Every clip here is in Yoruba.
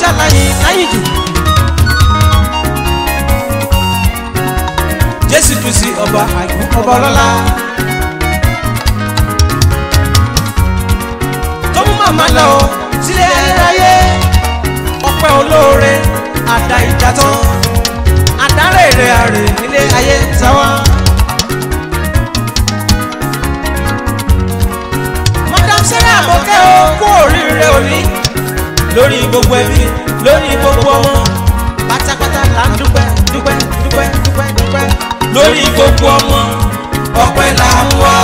ṣàlàyé láyìn jù. Jésù Kristi ọba àìkú ọba ọlọ́lá. Tó mú màmá lọ sílé ayé ọpẹ́ olóore àdá ìjàtọ̀ àdárẹ̀ rẹ̀ àrè nílé ayé sáwá. Madam Sarah Àmọ̀kẹ́ o kú oríire òní lórí gbogbo ẹbí lórí gbogbo ọmọ pátápátá là ń dúpẹ́ dúpẹ́ dúpẹ́ dúpẹ́ dúpẹ́ lórí gbogbo ọmọ ọpẹ́ là ń wá.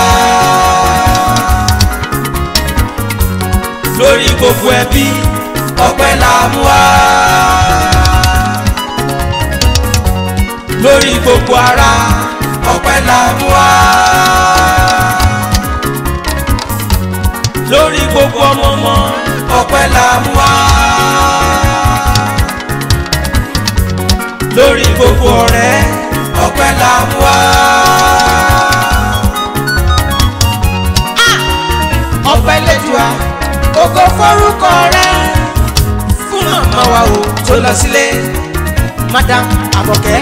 lórí gbogbo ẹbí ọpẹ́ là ń wá. lórí gbogbo ara ọpẹ́ là ń wá. lórí gbogbo ọmọ mọ́ ọpẹ́ la mú wá. lórí gbogbo ọ̀rẹ́ ọpẹ́ la mú wá. ọpẹ́ lẹ́dùá ògo forúkọ rẹ fún màmá wa o tó lọ sílé madam abọ̀kẹ́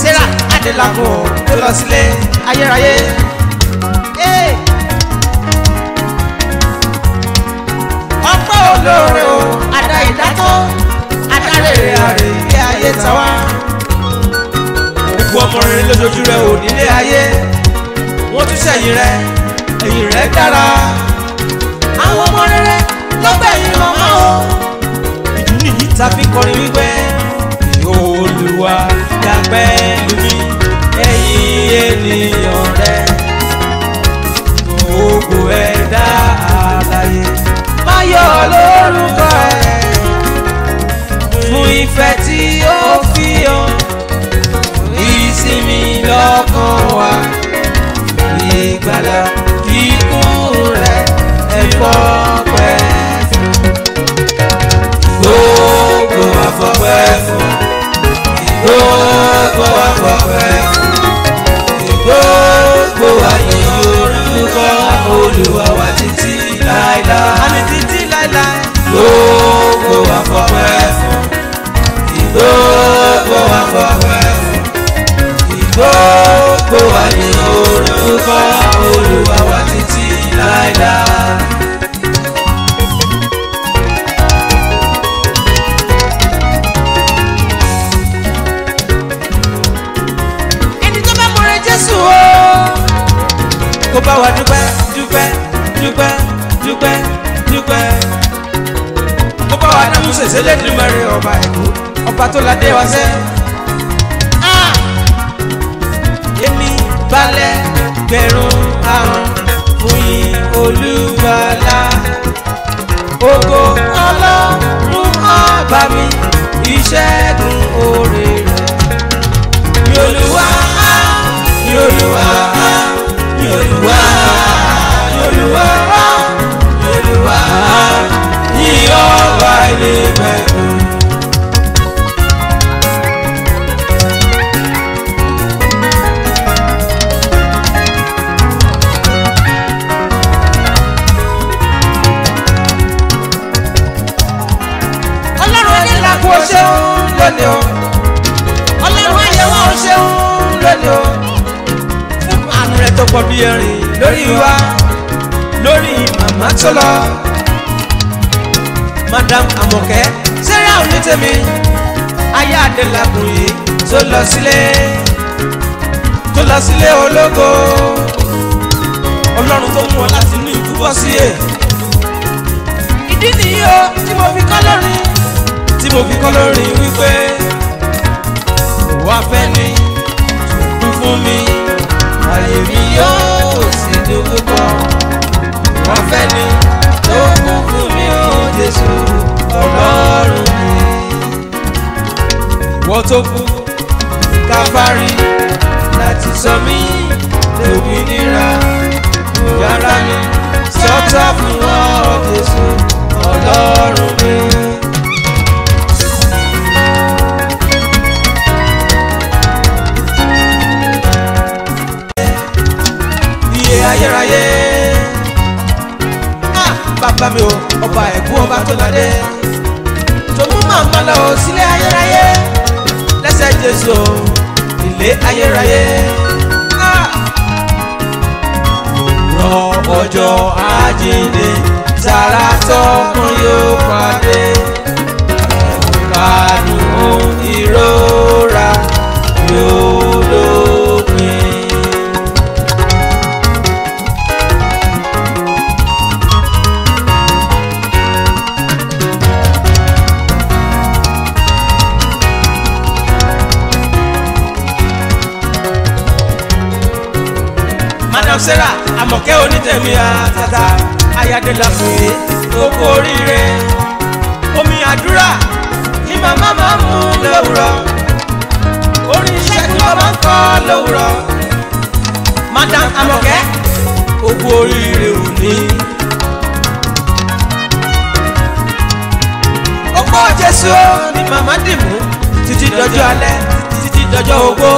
sarah adélakò tó lọ sílé ayérayé. olóore o àdá ìdákó àdárèrè àrè ilé ayé tàwa. òkú ọmọ rere lójoojú rẹ ò nílé ayé wọ́n tún sẹ́yìn rẹ ẹ̀yìn rẹ dára. àwọn ọmọ rere lọ́gbẹ̀yìn màmá o. ìdí nìyí ta fi kọrin wípé olúwa dàgbẹ́ lómi ẹ̀yìn ènìyàn rẹ gbogbo ẹ̀dá àlàyé. máyọ̀ ló. ìfẹ́ tí ó fi hàn ìsinmi lọ́kàn wa ìgbàlà kíkún rẹ̀ ẹ̀fọ́ pẹ́ gbogbo àfọ̀pẹ́ fún gbogbo àfọ̀pẹ́ fún gbogbo àyè orúkọ Olúwa gbogbo wa ni orúkọ Olúwa wa títí láéláé. kó bá wa dúpẹ́ dúpẹ́ dúpẹ́ dúpẹ́ dúpẹ́. kó bá wa náà mú sèse lẹ́nu mẹ́rin ọba Èkó ọba tó la dé wa sẹ́. balẹ̀ gbẹ̀rún àrùn fún yín olúgbàlà ògo ọlọ́run ọba mi ìṣẹ́gun oore rẹ̀ yòlúwa yòlúwa yòlúwa yòlúwa. adélakùn yìí tó lọ sílé tó lọ sílé ológo ọlọ́run tó mú ọ láti inú ìtúbọ̀ sí è. ìdí nìyí o tí mo fi kọ́ lórin tí mo fi kọ́ lórin wípé wà fẹ́ ni dùn fún mi àyè mi yóò sì dùn púpọ̀ wà fẹ́ ni tó kún fún mi ó Jésù ọlọ́run mi ìwọ tó kú káfárí láti sọ mí lòmìnira yàrá ni sọ́tà fún wọn Jésù ọlọ́run mi. iye ayérayé bàbá mi ò ọba ẹ̀kú ọba tó ládé tòun máa ń lọ sílé ayérayé iṣẹ́ Jésù ilé ayérayé. Ah! Rọ ọjọ́ àjíǹde tààrà tọ́kùn. tèmi àtàtà ayáde làkùnye tó kú oríire omi àdúrà ni màmá máa ń mú lówùrọ̀ orin iṣẹ́ tí wọ́n máa ń kọ́ lówùrọ̀ madam amọ̀kẹ́ ó kú oríire òní. ọkọ jésù ni màmá dì mú títí dọjọ́ alẹ́ títí dọjọ́ ogbó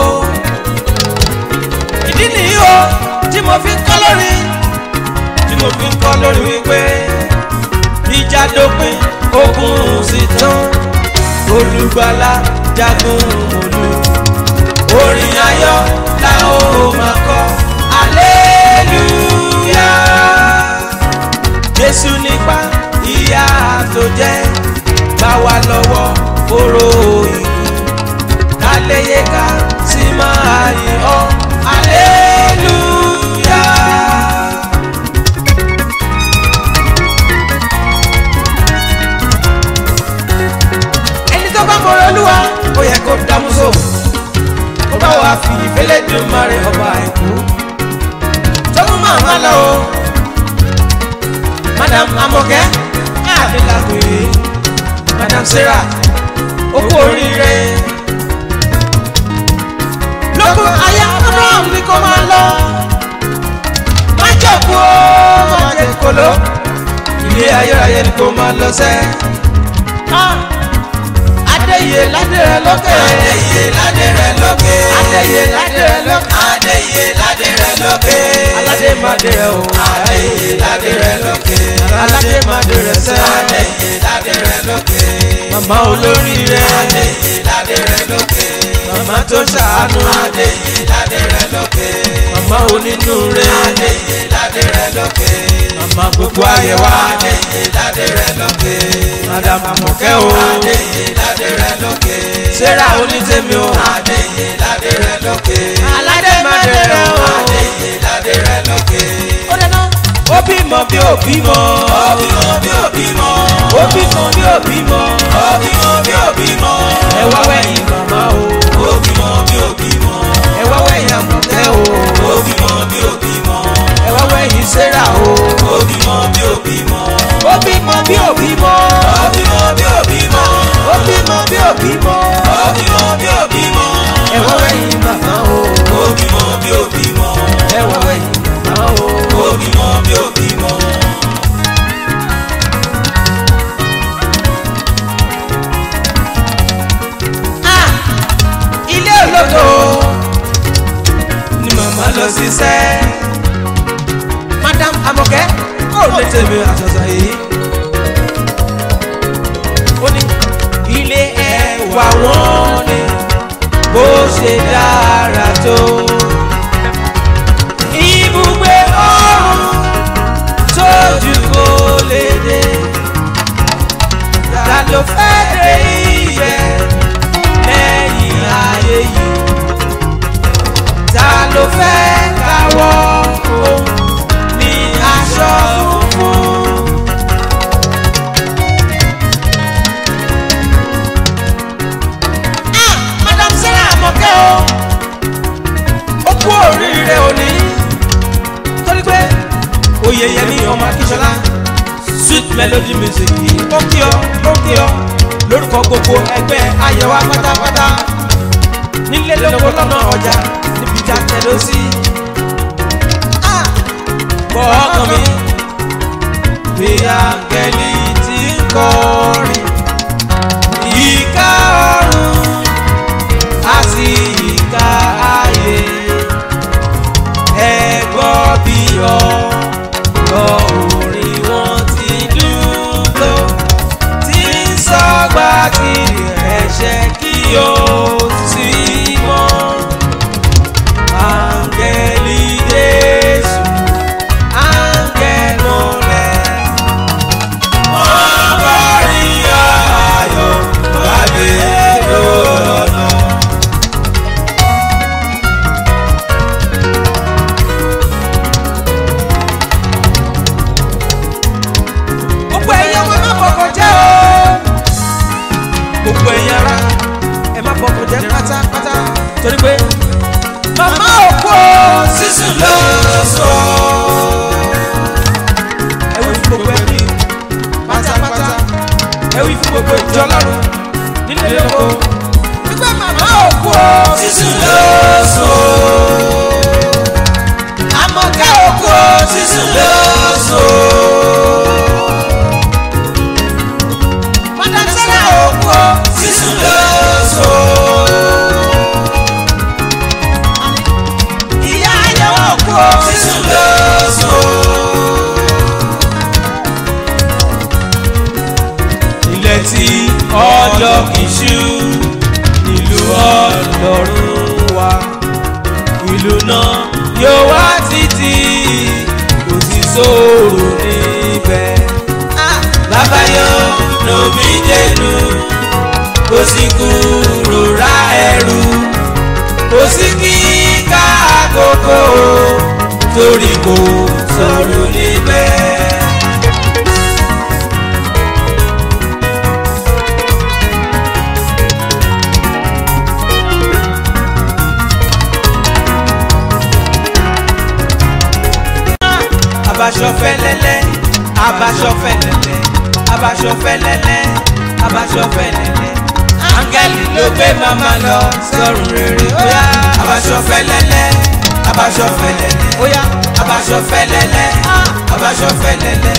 ìdí nìyí o tí mo fi ń kọ́ lórí mo fi ń kọ́ lórí wípé ìjà dópin ogun sì tán olùgbàlà jagun olú orin ayọ̀ la ó máa kọ aleluya jésù nípa ìyà tó jẹ bá wa lọ́wọ́ oró ikú ta yẹ ká sì máa yìn ọ́ aleluya. kó dámúso kó bá wa fi ìfẹ́lẹ́ dé mọ́rẹ́ ọba ẹ̀kú tọ́mú máa má lọ o madam amọ̀kẹ́ àdìlágbé madam sarah okú oríire lókun aya abraham ni kò máa lọ má jẹ̀kú o má jẹ̀kú lọ ilé ayérayé ni kò máa lọ sẹ́. Ah! adéyè ládé rẹ lókè. adéyè ládé rẹ lókè. adéyè ládé rẹ lókè. adéyè ládé rẹ lókè. aládé má dé rẹ o. adéyè ládé rẹ lókè. aládé má dé rẹ sẹ́. adéyè ládé rẹ lókè. màmá olóríire. adéyè ládé rẹ lókè màmá tó ṣàánú adéyí ládé rẹ lókè màmá onínúure adéyí ládé rẹ lókè màmá gbogbo ayé wa adéyí ládé rẹ lókè madam amọ̀kẹ́ o adéyí ládé rẹ lókè sẹ́ra onítẹ̀mí o adéyí ládé rẹ lókè aládé má dé rẹ o adéyí ládé rẹ lókè ó bímọ bí ó bímọ. ó bímọ bí ó bímọ. ó bímọ bí ó bímọ. ó bímọ bí ó bímọ. ẹ wá wẹ̀yìn màmá o òbímọ bí òbímọ. ẹ wá wẹ̀yìn àmọ̀tẹ́ o. òbímọ bí òbímọ. ẹ wá wẹ̀yìn sẹ́ra o. òbímọ bí òbímọ. òbímọ bí òbímọ. òbímọ bí òbímọ. òbímọ bí òbímọ. òbímọ bí òbímọ. ẹ wá wẹ̀yìn màmá o. òbímọ bí òbímọ. lọ ṣiṣẹ́. madam amọ̀kẹ́ kò lè tèmi àṣàṣà yìí. ó ní ilé ẹwà wọn ni bó ṣe dára tó. ibùgbé ọ̀run tójú kò lè dé. ta ló fẹ́. ta ló fẹ́ káwọ́ òun ní aṣọ funfun. Ah, madam sarah àmọ̀kẹ́ o ó kú oríire òní torí pé oyè yẹn ní ọmọ akíṣọlá sweet melody music ó kí ọ ó kí ọ lórúkọ gbogbo ẹgbẹ́ ayẹwà pátápátá nílé lóko lọ́nà ọjà já tẹ̀lé sí. ọkàn mi bí àgẹ̀lì ti ń kọrin. Ìka ọ̀run àti ìka ayé ẹ̀gbọ́n bí ọ̀dọ́ orin wọn ti dúró tí ń sọ gbàgìrì ẹ̀ṣẹ̀ kí o. ọlọ́run rere oya abaṣọ fẹlẹ́lẹ́ abaṣọ fẹlẹ́lẹ́ oya abaṣọ fẹlẹ́lẹ́ ah. abaṣọ fẹlẹ́lẹ́.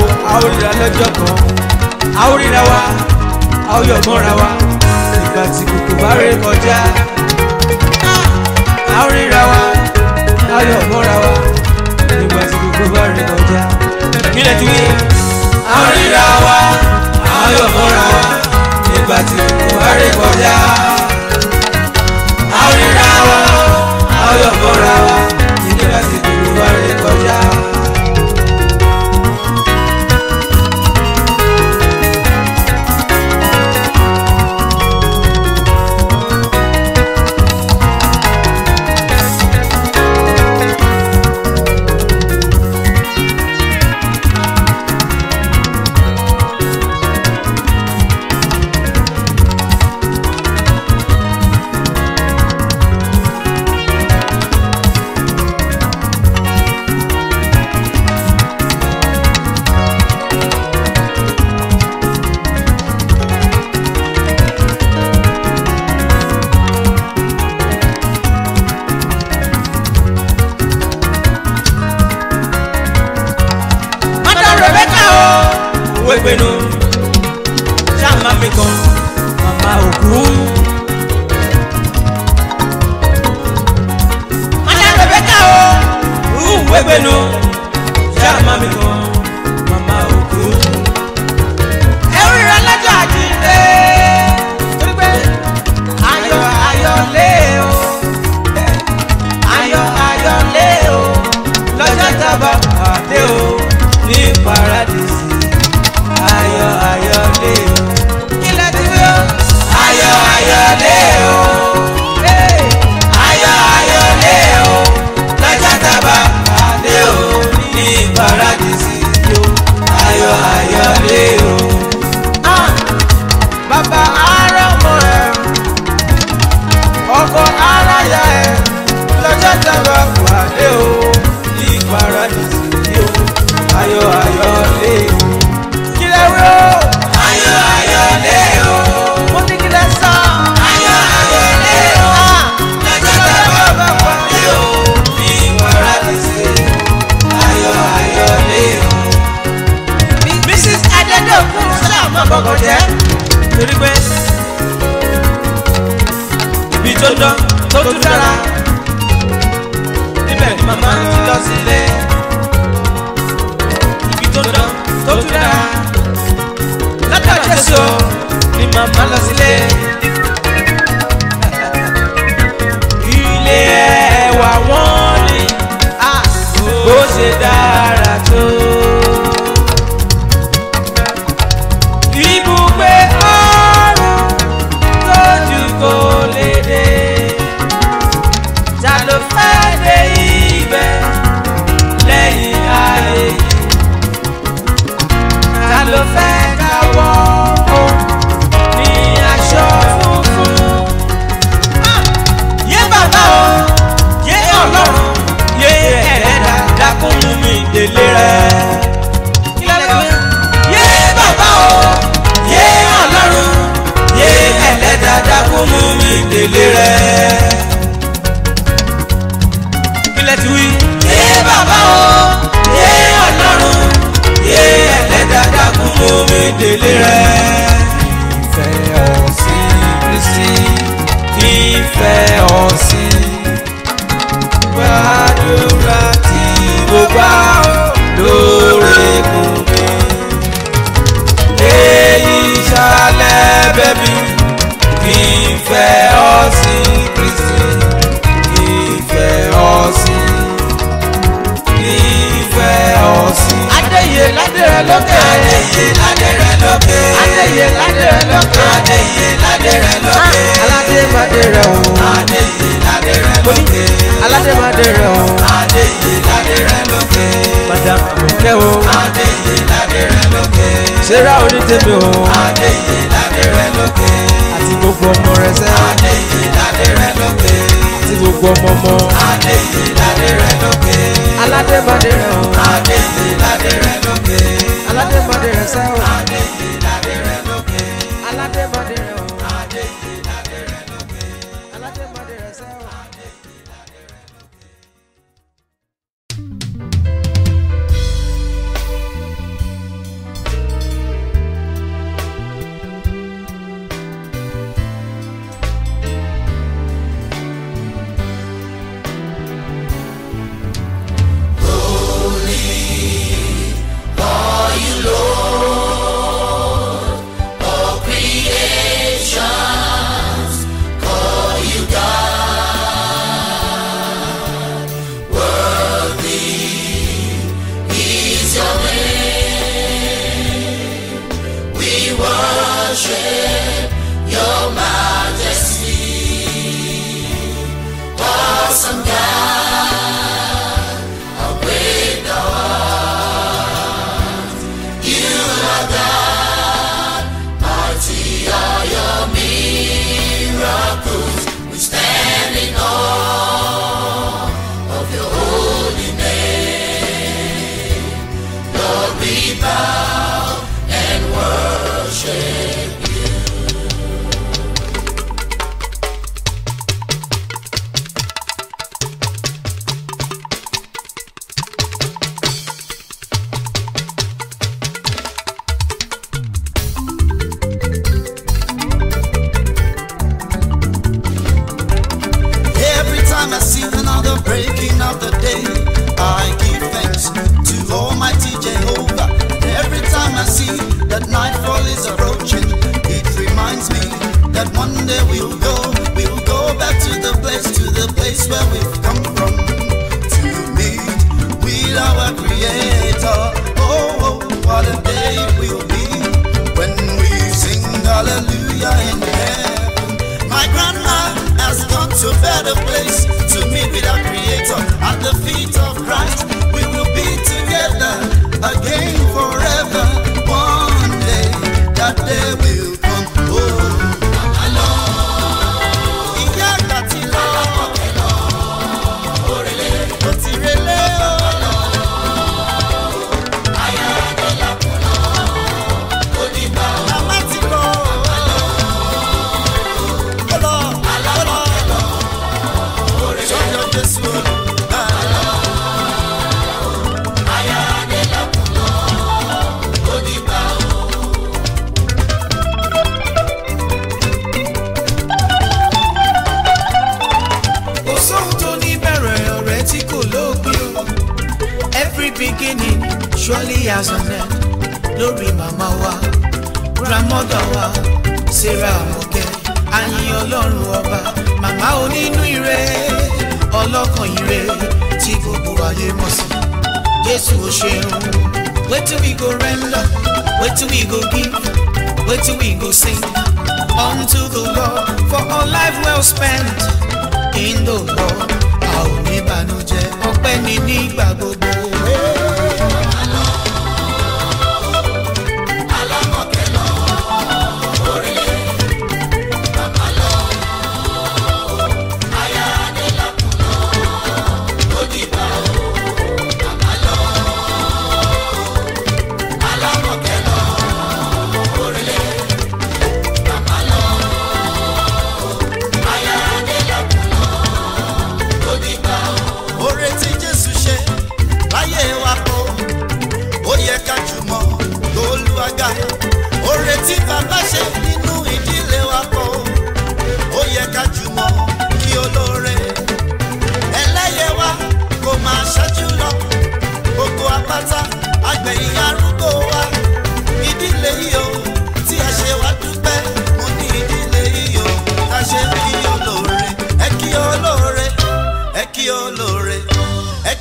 a ó ríra lọ́jọ́ kan a ó ríra wa a ó yọ̀gbọ́nra wa ìgbà tí kòkò bá ré kọjá a ó ríra wa a ó yọ̀gbọ́nra wa ìgbà tí kòkò bá ré kọjá kílẹ̀ tí wí. a wa a ó wa ìgbà tí kòkò bá ré kọjá a wa a ó wa. bueno lókè o. Adéyè ládé rẹ lókè. Àti gbogbo ọmọ rẹ sẹ́. Adéyè ládé rẹ lókè. Àti gbogbo ọmọ ọmọ. Adéyè ládé rẹ lókè. Aládé rẹ o. Adéyè ládé rẹ lókè. Aládé rẹ sẹ́ o. Adéyè.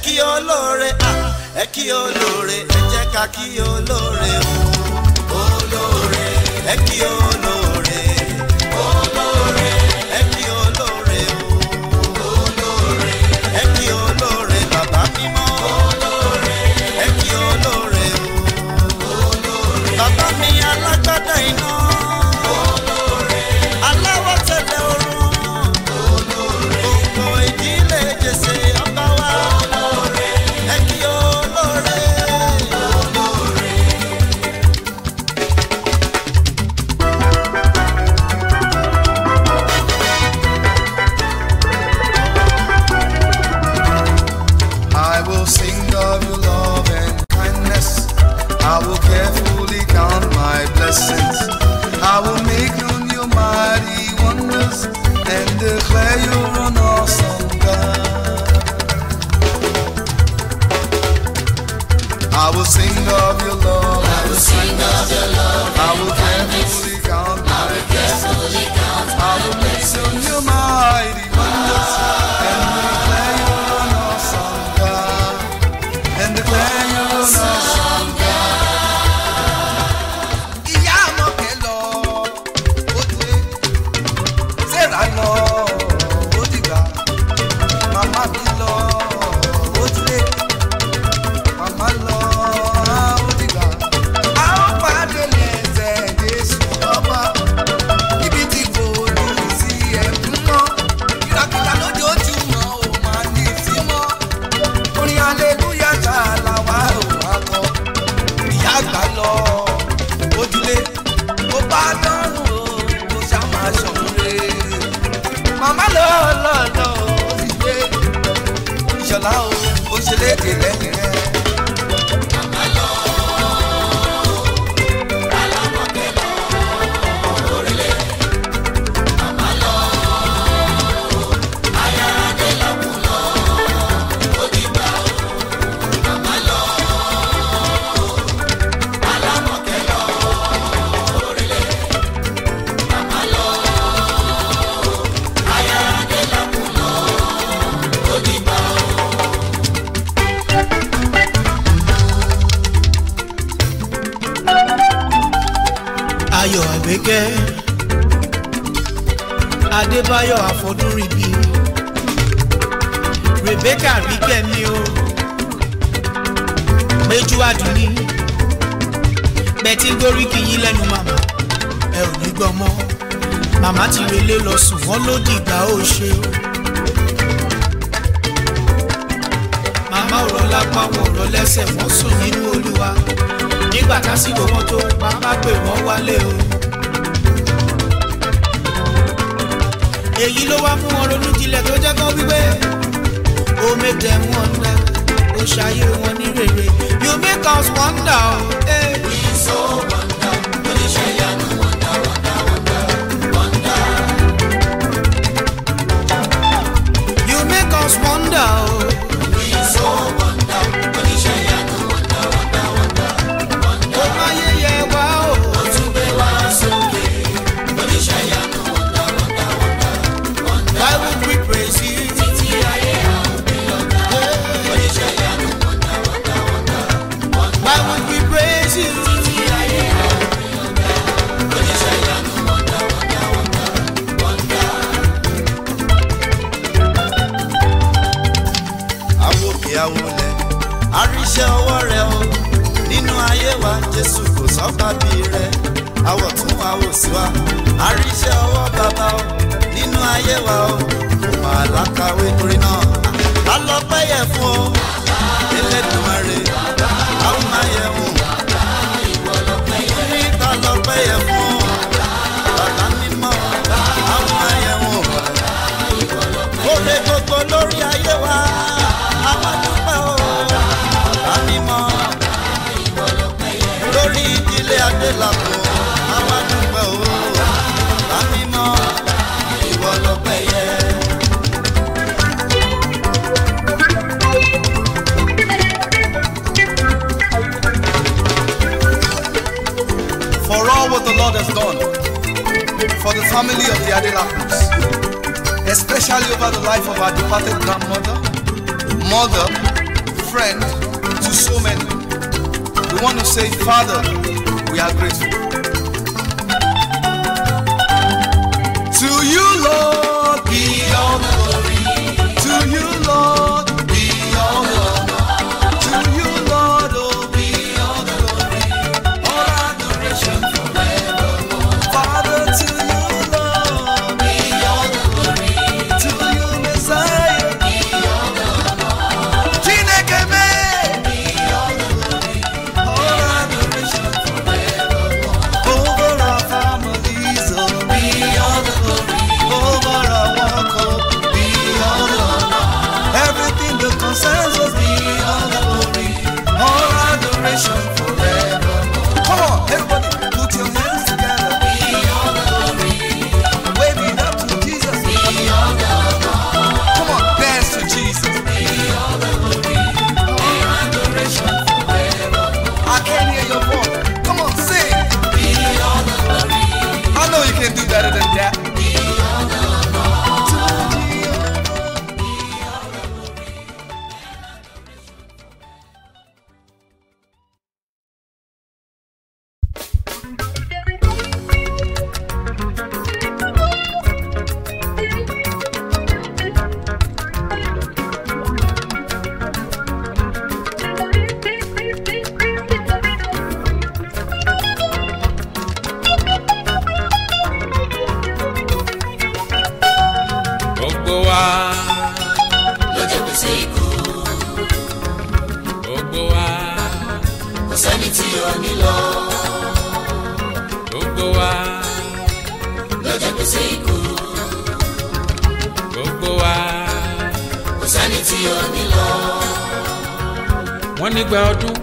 kí olóore ah, ẹ kí olóore ẹ jẹ́ ká kí olóore olóore ẹ kí olóore. the glass. ọ̀rọ̀ lápá wọn ọ̀rọ̀ lẹ́sẹ̀ wọ́n sùn nínú olúwa nígbà tásìkò wọn tó bàbá pè wọ́n wálé o. èyí ló wá fún wọn ronú jinlẹ̀ tó jẹ́ kán wípé o make them wonder o ṣayé wọn ní rere you make us wonder o. Eh. so wonder oníṣẹ́ ìyanu wonder wonder wonder wonder. you make us wonder o. Oh. wa o màá lákàwé torí. God has done for the family of the Adelakos, especially over the life of our departed grandmother, mother, friend to so many. We want to say, Father, we are grateful. To you, Lord. do.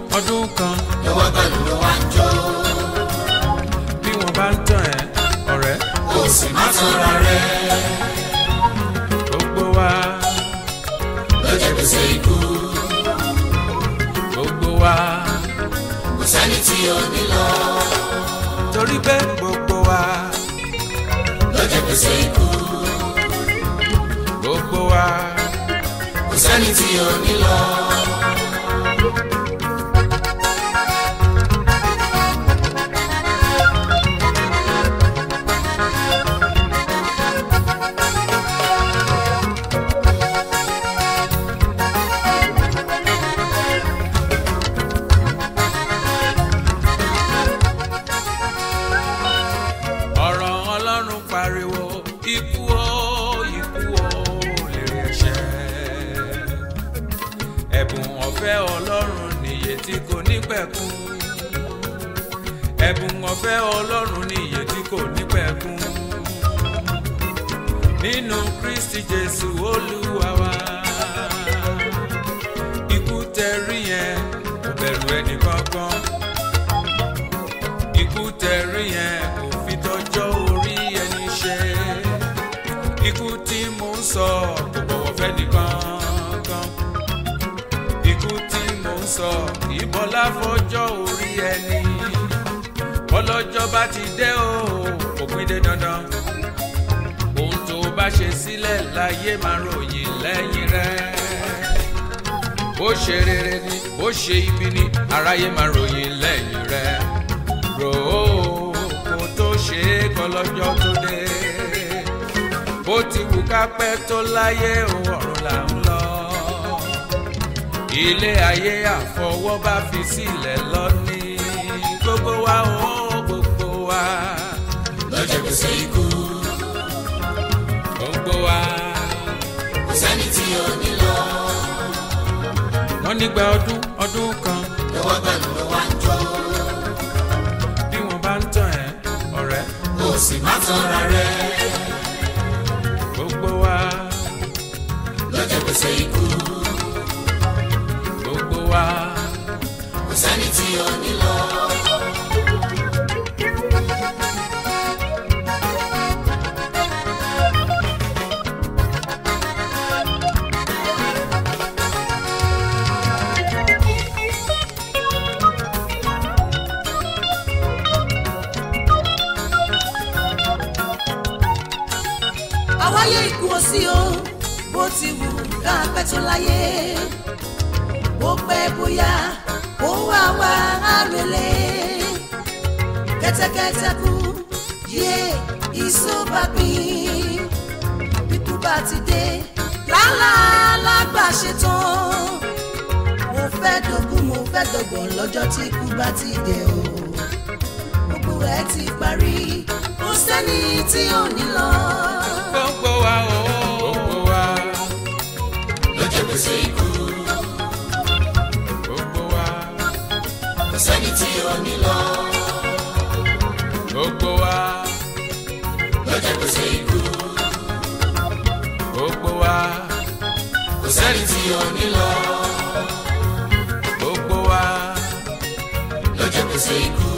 tọ́jọba ti dé o òpin dé dandan ohun tó bá ṣe sílẹ̀ láyé máa ròyìn lẹ́yìn rẹ̀ bó ṣe rere ni bó ṣe ibi ni aráyé máa ròyìn lẹ́yìn rẹ̀ rò ó kó tó ṣe é kọ́ lọ́jọ́ tó dé bó ti wù ká pẹ́ tó láyé òun ọ̀run là ń lọ ilé ayé àfọwọ́bá fi sílẹ̀ lọ ní gbogbo wa òun wa. lọ́jọ́ kò sí ikú. ó ń bọ̀ wá. kò sẹ́ni tí ò ní lọ. wọ́n nígbà ọdún ọdún kan. lọ́wọ́ gbẹ̀rù ló wá ń jọ. bí wọ́n bá ń tàn ẹ́ ọ̀rẹ́. kò sì má tanra rẹ̀. gbogbo wa. lọ́jọ́ kò sí ikú. gbogbo wa. kò sẹ́ni tí ò ní lọ. tó láyé bó pẹ́ bóyá ó wá wá àrèlé kẹ́tẹ́kẹ́tẹ́ kú yé ìsóbàbí bíkú bá ti dé lálàálá ṣetán mo fẹ́ dògún mo fẹ́ dògbọ̀n lọ́jọ́ tí ikú bá ti dé o gbogbo ẹ ti parí kò sẹ́ni tí ò ní lọ. gbogbo wa o. tí ó ní lọ. gbogbo wa ló jẹ́ kó ṣe ikú. gbogbo wa kò sẹ́ni tí ó ní lọ. gbogbo wa ló jẹ́ kó ṣe ikú.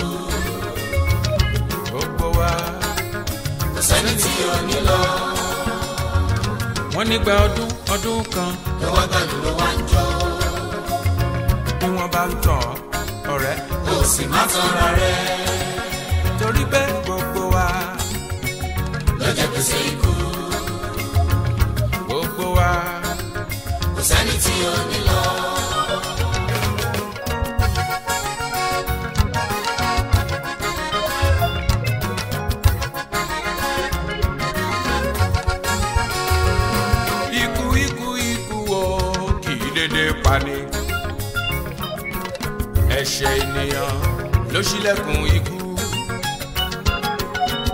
gbogbo wa kò sẹ́ni tí ó ní lọ. wọ́n nígbà ọdún ọdún kan. lọ́wọ́ gbàdúrà wá ń jọ. bí wọ́n bá ń tàn ọ̀rẹ́ sì má tanra rẹ̀. torí pé gbogbo wa ló jẹ gbèsè ikú. gbogbo wa kò sẹ́ni tí ò ní lọ. pani ẹ̀ṣẹ̀ ènìyàn ló ṣílẹ̀kùn ikú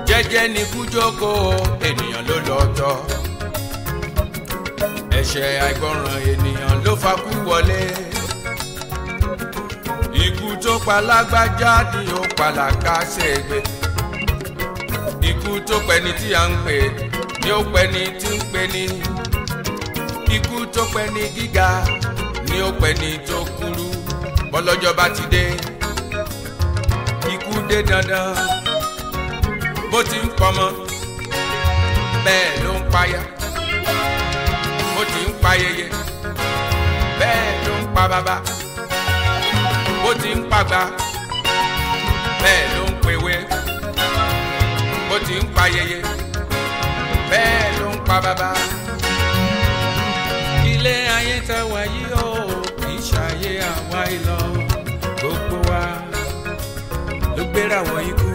jẹ́jẹ́ ni kú jókòó ènìyàn ló lọ tọ́ ẹ̀ṣẹ̀ àìgbọràn ènìyàn ló fa kú wọlé ikú tó pa lágbájá ni ó pa Làkàṣègbè ikú tó pẹni tí a ń pè ni ó pẹni tí ń pè ní ikú tó pẹni gíga ni ó pẹni tó kúrú bọ́lọ́jọ́ bá ti dé dé dandan bó ti ń pọmọ bẹ́ẹ̀ ló ń payá bó ti ń payẹyẹ bẹ́ẹ̀ ló ń pa bàbá bó ti ń pàgbà bẹ́ẹ̀ ló ń pèwé bó ti ń payẹyẹ bẹ́ẹ̀ ló ń pa bàbá. ilé ayé tá a wà kì í ṣàyé àwa ìlọ. gbéra wọn ikú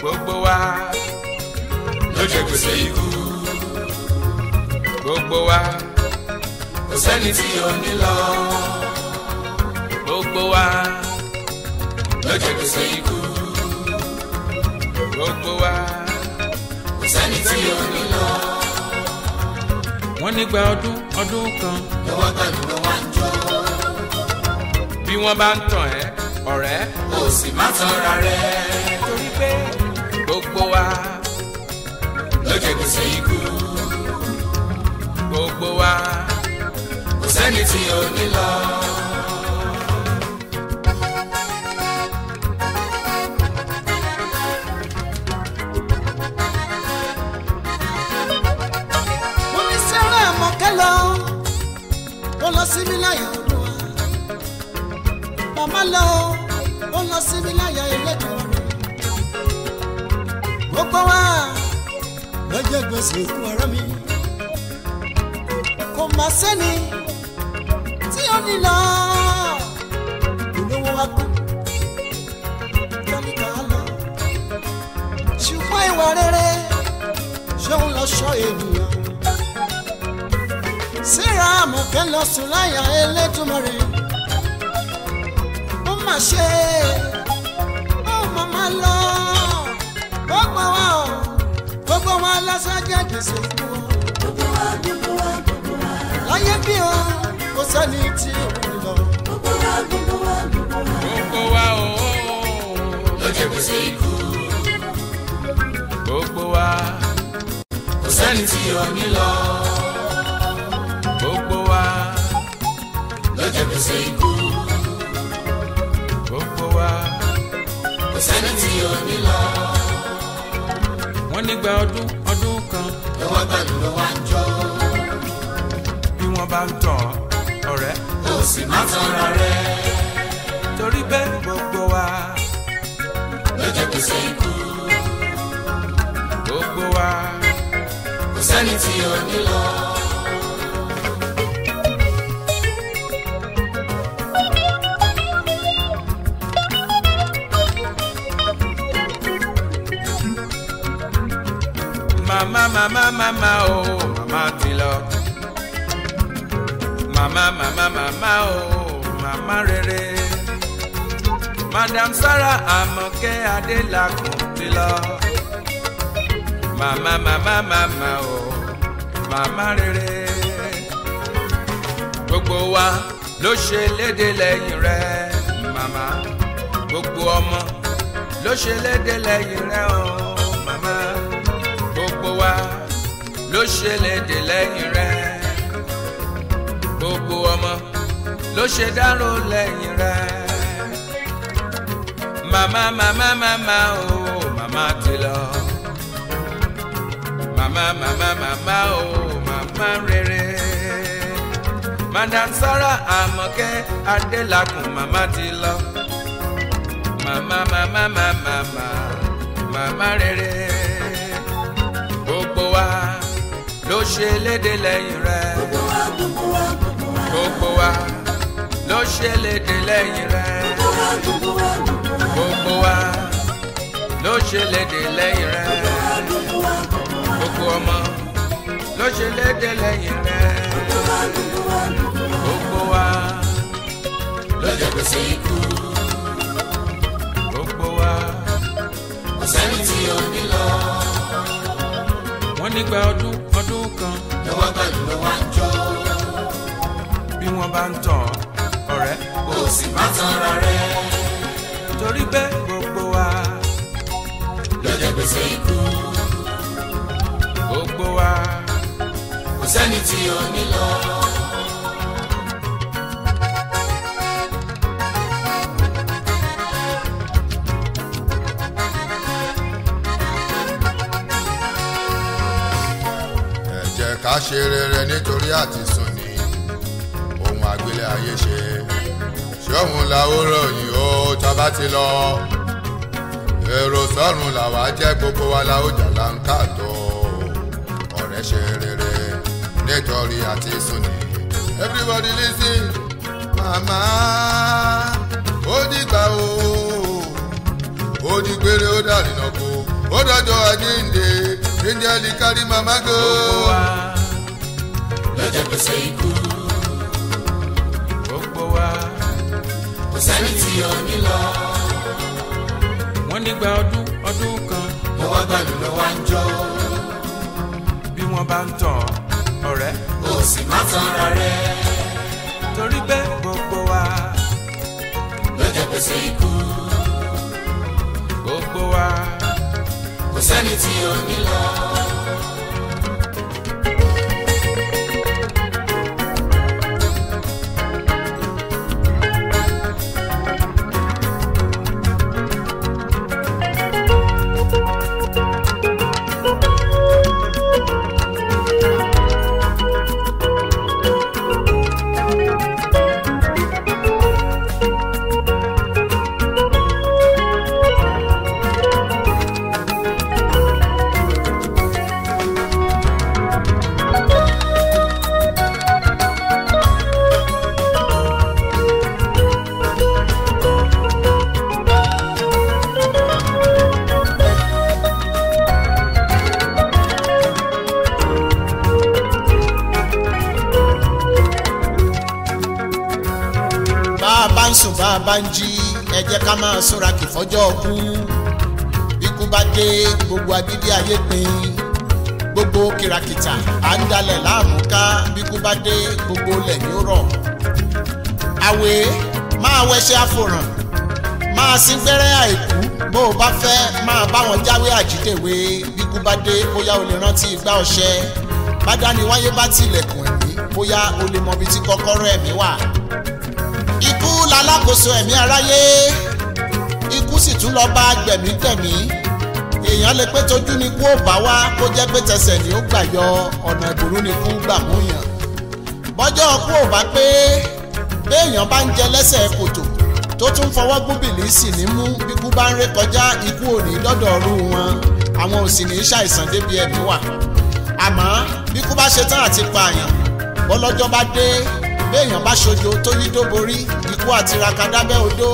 gbogbo wa ló jẹ gbèsè ikú gbogbo wa kò sẹ́ni tí ò ní lọ gbogbo wa ló jẹ gbèsè ikú gbogbo wa kò sẹ́ni tí ò ní lọ. wọ́n nígbà ọdún ọdún kan. lọ́wọ́ gbàdúrà wá ń jọ. bí wọ́n bá ń tàn ẹ́ ọ̀rẹ́ kò sì má tanra rẹ̀. torí pé gbogbo wa ló jẹ gbèsè ikú. gbogbo wa kò sẹ́ni tí ò ní lọ. lọ sí mi láyà ọdún wa. Màmá lọ ó lọ síbi láyà ẹlẹ́kọ̀ọ́ rẹ̀ ó kọ́ wá lọ́jọ́ gbèsè ikú ọ̀rẹ́ mi kò má sẹ́ni tí ó ní lọ olówó wa kú tọ́líkà lọ ṣùgbọ́n ìwà rere ṣéun lọ sọ ènìyàn síra àmọ̀kẹ́ lọ sùn láyà Elédùmarè ṣe ó mọ̀ máa lọ gbogbo wa ọ̀ gbogbo wa lásán jẹ́ gbèsè fún ọ. gbogbo wa gbogbo wa gbogbo wa. láyé bí o kò sẹ́ni tí o kò lọ. gbogbo wa gbogbo wa gbogbo wa. gbogbo wa o. ló jẹ́ gbèsè ikú. gbogbo wa. kò sẹ́ni tí o ní lọ. gbogbo wa. ló jẹ́ gbèsè ikú. sẹ́ni tí ò ní lọ. wọ́n nígbà ọdún ọdún kan. lọ́wọ́ gbàlú ló wá ń jọ. bí wọ́n bá ń tàn ọ̀rẹ́. o sì má tọrọ rẹ. torí bẹ́ẹ̀ gbogbo wa. ló jẹ́ kó ṣe ikú. gbogbo wa. kò sẹ́ni tí ò ní lọ. mama, mama, o oh, mama, ti lọ. mama, mama, màmá o oh, màmá rere. madam Sarah Àmọ̀kẹ́ Adélakùn ti lọ. màmá màmá mama, o oh, mama, rere. gbogbo wa ló ṣe léde lẹ́yìn rẹ̀ mama. gbogbo ọmọ ló ṣe léde lẹ́yìn rẹ̀ o. ló ṣe lè dè lẹ́yìn rẹ̀ gbogbo ọmọ ló ṣe dárò lẹ́yìn rẹ̀ màmá màmá màmá o màmá ti lọ màmá màmá màmá o màmá rere madam Sarah Àmọ̀kẹ́ Adélakùn màmá ti lọ màmá màmá màmá màmá rere gbogbo wa ló ṣe léde lẹ́yìn rẹ̀. gbogbo wa gbogbo wa gbogbo wa. gbogbo wa ló ṣe léde lẹ́yìn rẹ̀. gbogbo wa gbogbo wa gbogbo wa. gbogbo wa ló ṣe léde lẹ́yìn rẹ̀. gbogbo wa gbogbo wa. gbogbo ọmọ ló ṣe léde lẹ́yìn rẹ̀. gbogbo wa gbogbo wa gbogbo wa. gbogbo wa ló jẹ́kọ̀ sí ikú. gbogbo wa kò sẹ́ni tí ò ní lọ. wọ́n nígbà ọdún ọdún kan. lọ́wọ́ gbàdúrà lọ́wọ́ ń jọ. bí wọ́n bá ń tàn ọ̀rẹ́. o sì má tan ara rẹ̀. torí pé gbogbo wa. lọ́jọ́ gbèsè ikú. gbogbo wa. kò sẹ́ni tí ò ní lọ. ká ṣe rere nítorí àti sùn ní ohun àgbélé ayé ṣe ṣé òun làwọn ròyìn ó tábà ti lọ èrò sọ́run làwa jẹ́ gbogbo wa la ó ń káàtó ọ̀rẹ́ ṣe rere nítorí àti sùn ní. everybody listen màmá ó dìgbà o ó dìgbére ó dàrínà kó ó dọjọ́ àjíǹde angel carry mama go. Oh, lọ́jọ́ gbèsè ikú. gbogbo wa kò sẹ́ni tí ò ní lọ. wọ́n nígbà ọdún ọdún kan. mo wá gbàlù lọ́wọ́ ń jọ. bí wọ́n bá ń tàn ọ̀rẹ́. o sì má tan ara rẹ. torí bẹ́ẹ̀ gbogbo wa lọ́jọ́ gbèsè ikú. gbogbo wa kò sẹ́ni tí ò ní lọ. ń jí ẹ jẹ́ ká máa súnra kì fọ́jọ́ kú ikú bá dé gbogbo agídí ayé pin gbogbo kìràkìtà à ń dalẹ̀ láàmú ká bíkú bá dé gbogbo lẹ̀ ní rọ̀ àwẹ̀ máa wẹṣẹ́ àfòràn máa sin gbẹ́rẹ́ àìkú bó o bá fẹ́ máa bá wọn jáwé àjídèwé bíkú bá dé bóyá o lè rántí igbá ọṣẹ bá dání wáyé bá tilẹ̀kùn ẹ̀mí bóyá o lè mọ ibi tí kọ́kọ́rọ́ ẹ̀mí wà alákòóso ẹ̀mí aráyé ikú sì tún lọ bá gbẹ̀mígbẹ̀mí èèyàn lè pé tójú ni kú ò bá wá kó jẹ́ pé tẹsẹ̀ ni ó gbà yọ ọ̀nà ìbùrú ni kú gbà mú yàn bọ́jọ́ kú ò bá pé béèyàn bá ń jẹ lẹ́sẹ̀ kòtò tó tún fọwọ́ gún bìlísì ní mú bíkú bá ń ré kọjá ikú ò ní dọ́dọ̀ ọ̀rú wọn àwọn ò sì ní ṣàìsàn débi ẹ̀mí wà àmọ́ bíkú bá ṣe tán àti pààyàn bọ́lọ́jọ́ bá dé béèyàn bá ṣojo tó yí dóborí wà tiraka dábẹ́ odó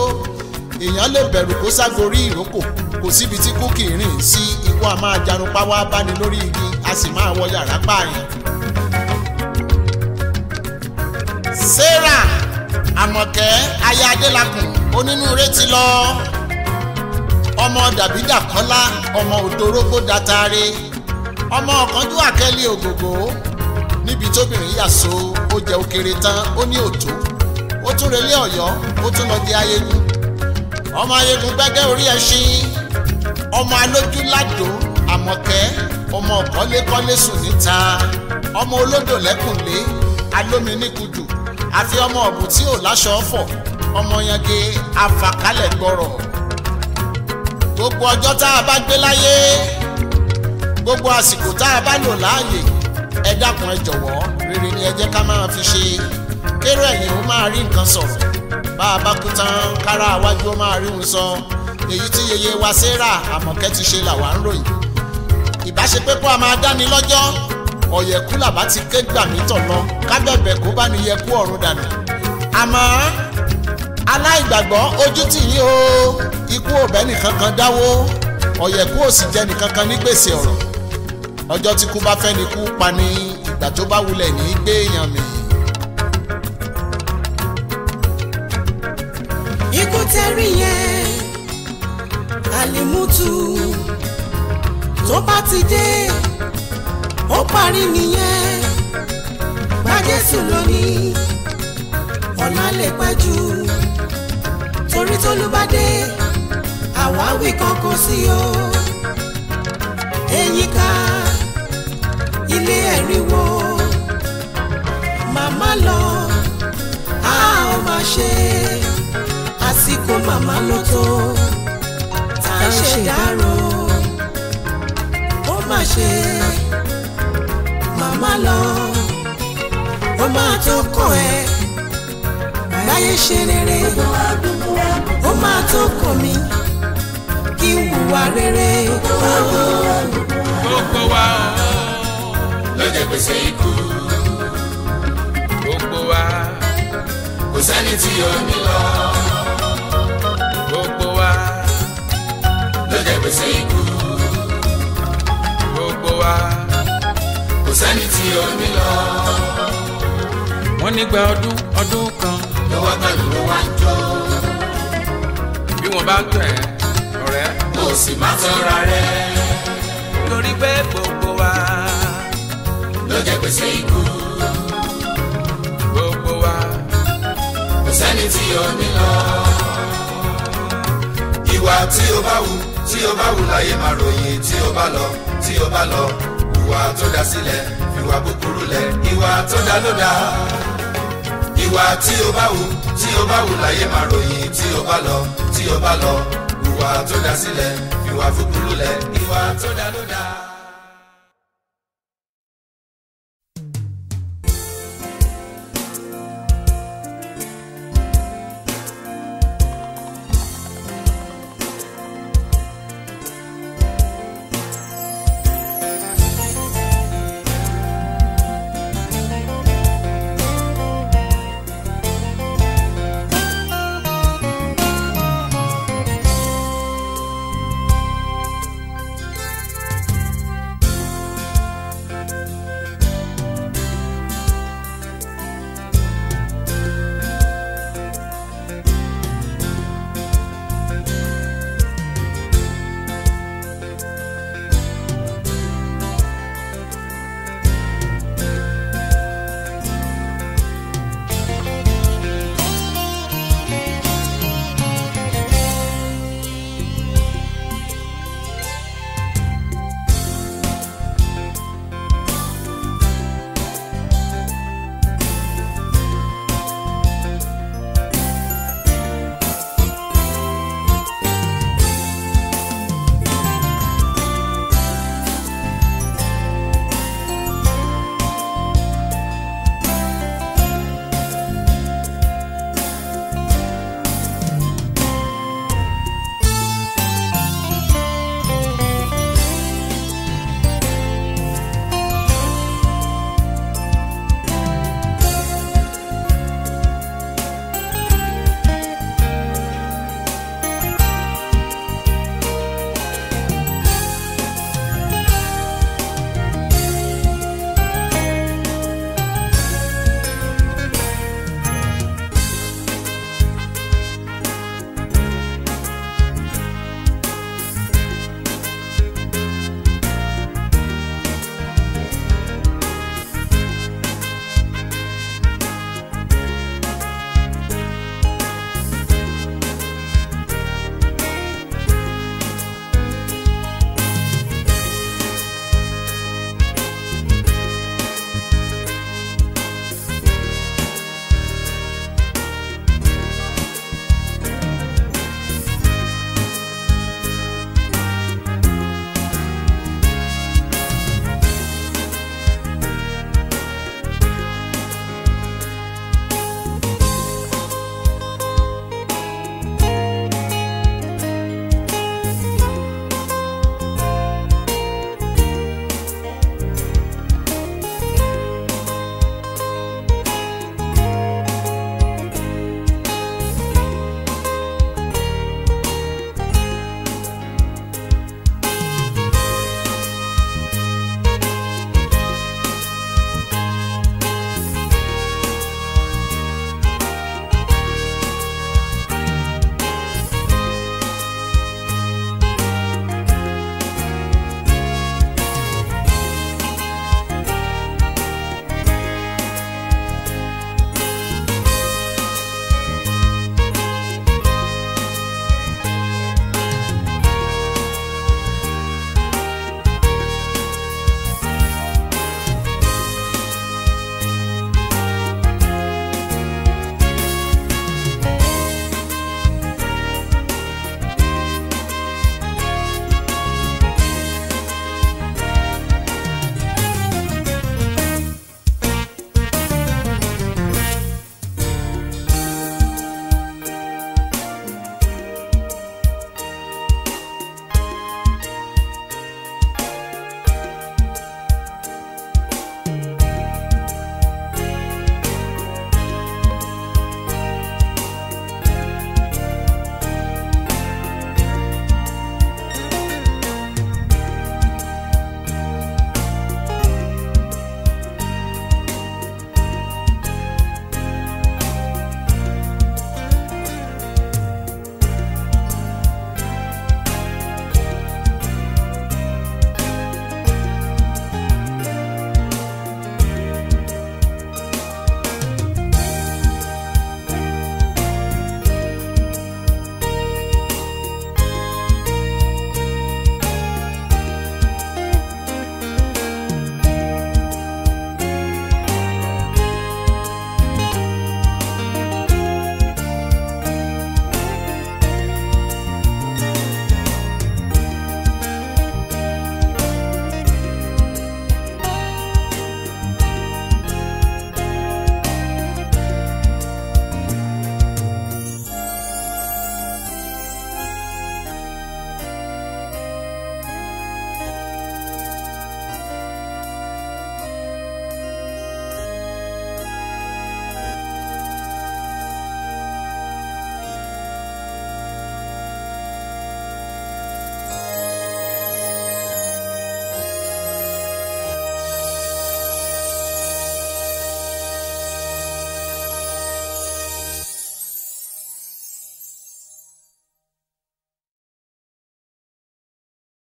èèyàn lè bẹ̀rù kó ságorí ìrókò kò síbi tí kúkì rìn sí ikú a máa jarunpá wá báni lórí igi a sì máa wọ yàrá pààyàn. Sarah Àmọ̀kẹ́ aya Adélakùn onínúure ti lọ ọmọ dàbídà kọ́lá ọmọ òdòrógbó dátàrí ọmọ ọ̀kánjú àkẹ́lé ògògó níbi tóbìnrin yà so ó jẹ́ òkèrè tán ó ní òtó tún relé ọ̀yọ́ ó tún lọ di ayégun ọmọ ayégun gbẹ́gẹ́ orí ẹṣin ọmọ alójú ládò àmọ̀kẹ́ ọmọ kọ́lékọ́lé sùn níta ọmọ olódò lẹ́kùnlé alómi níkudù àfi ọmọ ọ̀bùn tí ò láṣọ ọ̀fọ̀ ọmọ yange afàkálẹ̀ gbọ́rọ̀ gbogbo ọjọ́ tá a bá gbé láyé gbogbo àsìkò tá a bá lò láàyè ẹ dákun ẹ jọ̀wọ́ rere ni ẹ jẹ́ ká máa fi ṣe é kérò ẹ̀yìn ó máa rí nǹkan sọ̀rọ̀ bá a bá kú tán kára àwájú ó máa rí òun sọ èyí tí yeye wa Sera Àmọ̀kẹ́ ti ṣe làwa ń ròyìn ìbáṣepé kó a máa dáni lọ́jọ́ ọ̀yẹ̀kú làbá ti ké gbà mí tọ̀ lọ kábẹ̀bẹ̀ kó bá ní yẹkú ọ̀run dànù àmọ́ aláìgbàgbọ́ ojú tì yí o ikú òbẹ́ nìkan kan dáwó ọ̀yẹ̀kú ò sì jẹ́ nìkan ní gbèsè ọ̀rọ̀ ọjọ́ tí kú bá fẹ́ ni kú pa ni ìgbà tó bá wulẹ̀ ní í gbé èèyàn mìíràn. tẹ́rí yẹn àlìmútu tó bá ti dé ó parí nìyẹn bá Jésù lónìí ọ̀la lè pẹ́ jù torí tólúbádé àwáwí kan kò sí o èyíká ilé ẹ̀rí wo màmá lọ a ó máa ṣe é àsìkò màmá ló tó tá a ṣe dárò ó mà ṣe màmá lọ ó máa tó kọ ẹ láyé ṣe rere ó máa tó kọ mi kí n hùwà rere gbogbo wa ló jẹ gbèsè ikú gbogbo wa kò sẹ́ni tí yóò ní lọ. ló dẹ̀gbèsè ikú. gbogbo wa kò sẹ́ni tí ò ní lọ. wọ́n nígbà ọdún ọdún kan. ló wá gbà ló wá ń jó. bí wọ́n bá tẹ̀ ọ̀rẹ́. o sì má sọ́ra rẹ̀. torí pé gbogbo wa ló dẹ̀gbèsè ikú. gbogbo wa kò sẹ́ni tí ò ní lọ ìwà tí o bá wù tí o bá wù láyé máa ròyìn tí o bá lọ tí o bá lọ ìwà tó dá sílẹ̀ ìwà búburú lẹ̀ ìwà tó dá ló dá ìwà tí o bá wù tí o bá wù láyé máa ròyìn tí o bá lọ tí o bá lọ ìwà tó dá sílẹ̀ ìwà búburú lẹ̀ ìwà tó dá ló dá.